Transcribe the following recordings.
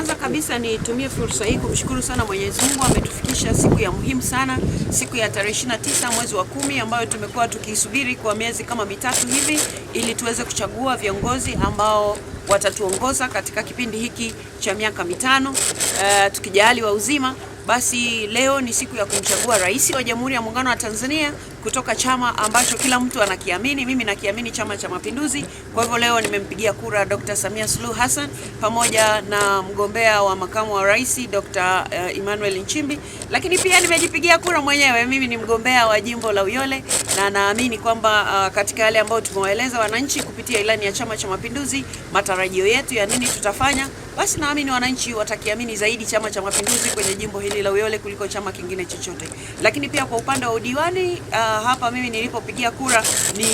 Kwanza kabisa nitumie fursa hii kumshukuru sana Mwenyezi Mungu ametufikisha siku ya muhimu sana, siku ya tarehe 29 mwezi wa kumi ambayo tumekuwa tukisubiri kwa miezi kama mitatu hivi ili tuweze kuchagua viongozi ambao watatuongoza katika kipindi hiki cha miaka mitano, uh, eh, tukijali wa uzima basi leo ni siku ya kumchagua rais wa Jamhuri ya Muungano wa Tanzania kutoka chama ambacho kila mtu anakiamini. Mimi nakiamini Chama cha Mapinduzi. Kwa hivyo leo nimempigia kura Dr. Samia Suluhu Hassan pamoja na mgombea wa makamu wa rais Dr. Eh, Emmanuel Nchimbi, lakini pia nimejipigia kura mwenyewe. Mimi ni mgombea wa jimbo la Uyole na naamini kwamba uh, katika yale ambayo tumewaeleza wananchi kupitia ilani ya Chama cha Mapinduzi, matarajio yetu ya nini tutafanya basi naamini wananchi watakiamini zaidi Chama cha Mapinduzi kwenye jimbo hili la Uyole kuliko chama kingine chochote. Lakini pia kwa upande wa udiwani uh, hapa mimi nilipopigia kura ni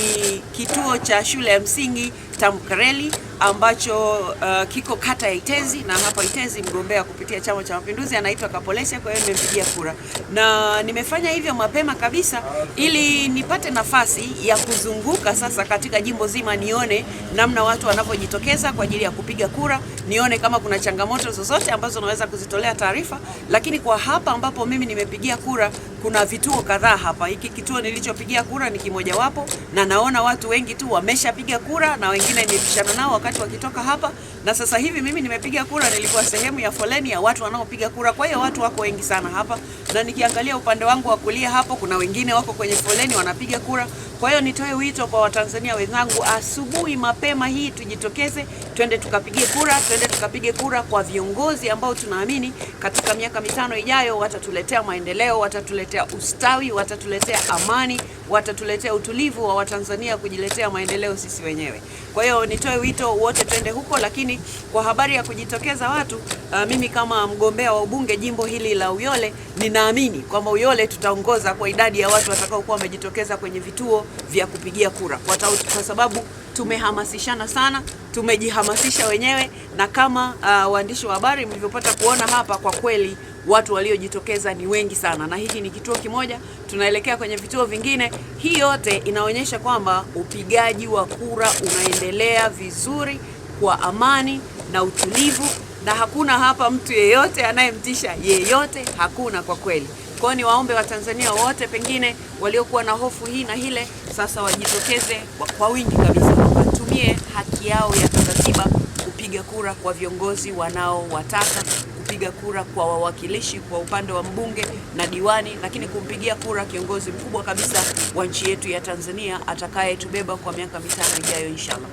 kituo cha shule ya msingi Tamkareli ambacho uh, kiko kata ya Itezi na hapa Itezi mgombea kupitia Chama cha Mapinduzi anaitwa Kapolesia, Kwa hiyo nimempigia kura na nimefanya hivyo mapema kabisa ili nipate nafasi ya kuzunguka sasa katika jimbo zima, nione namna watu wanavyojitokeza kwa ajili ya kupiga kura, nione kama kuna changamoto zozote ambazo naweza kuzitolea taarifa. Lakini kwa hapa ambapo mimi nimepigia kura kuna vituo kadhaa hapa. Hiki kituo nilichopigia kura ni kimojawapo, na naona watu wengi tu wameshapiga kura na wengine nipishana nao wakati wakitoka hapa, na sasa hivi mimi nimepiga kura, nilikuwa sehemu ya foleni ya watu wanaopiga kura. Kwa hiyo watu wako wengi sana hapa, na nikiangalia upande wangu wa kulia hapo, kuna wengine wako kwenye foleni wanapiga kura. Kwa hiyo nitoe wito kwa Watanzania wenzangu, asubuhi mapema hii tujitokeze, twende tukapige kura, twende tukapige kura kwa viongozi ambao tunaamini katika miaka mitano ijayo watatuletea maendeleo, watatuletea ustawi, watatuletea amani, watatuletea utulivu wa Watanzania kujiletea maendeleo sisi wenyewe. Kwa hiyo nitoe wito wote twende huko, lakini kwa habari ya kujitokeza watu, uh, mimi kama mgombea wa ubunge jimbo hili la Uyole ninaamini kwamba Uyole tutaongoza kwa idadi ya watu watakaokuwa wamejitokeza kwenye vituo vya kupigia kura kwa, tau, kwa sababu tumehamasishana sana, tumejihamasisha wenyewe, na kama uh, waandishi wa habari mlivyopata kuona hapa, kwa kweli watu waliojitokeza ni wengi sana, na hiki ni kituo kimoja, tunaelekea kwenye vituo vingine. Hii yote inaonyesha kwamba upigaji wa kura unaendelea vizuri kwa amani na utulivu, na hakuna hapa mtu yeyote anayemtisha yeyote, hakuna kwa kweli. Kwa hiyo wa Watanzania wote pengine waliokuwa na hofu hii na hile sasa wajitokeze kwa wingi kabisa, watumie haki yao ya kikatiba kupiga kura kwa viongozi wanaowataka, kupiga kura kwa wawakilishi kwa upande wa mbunge na diwani, lakini kumpigia kura kiongozi mkubwa kabisa wa nchi yetu ya Tanzania atakayetubeba kwa miaka mitano ijayo inshallah.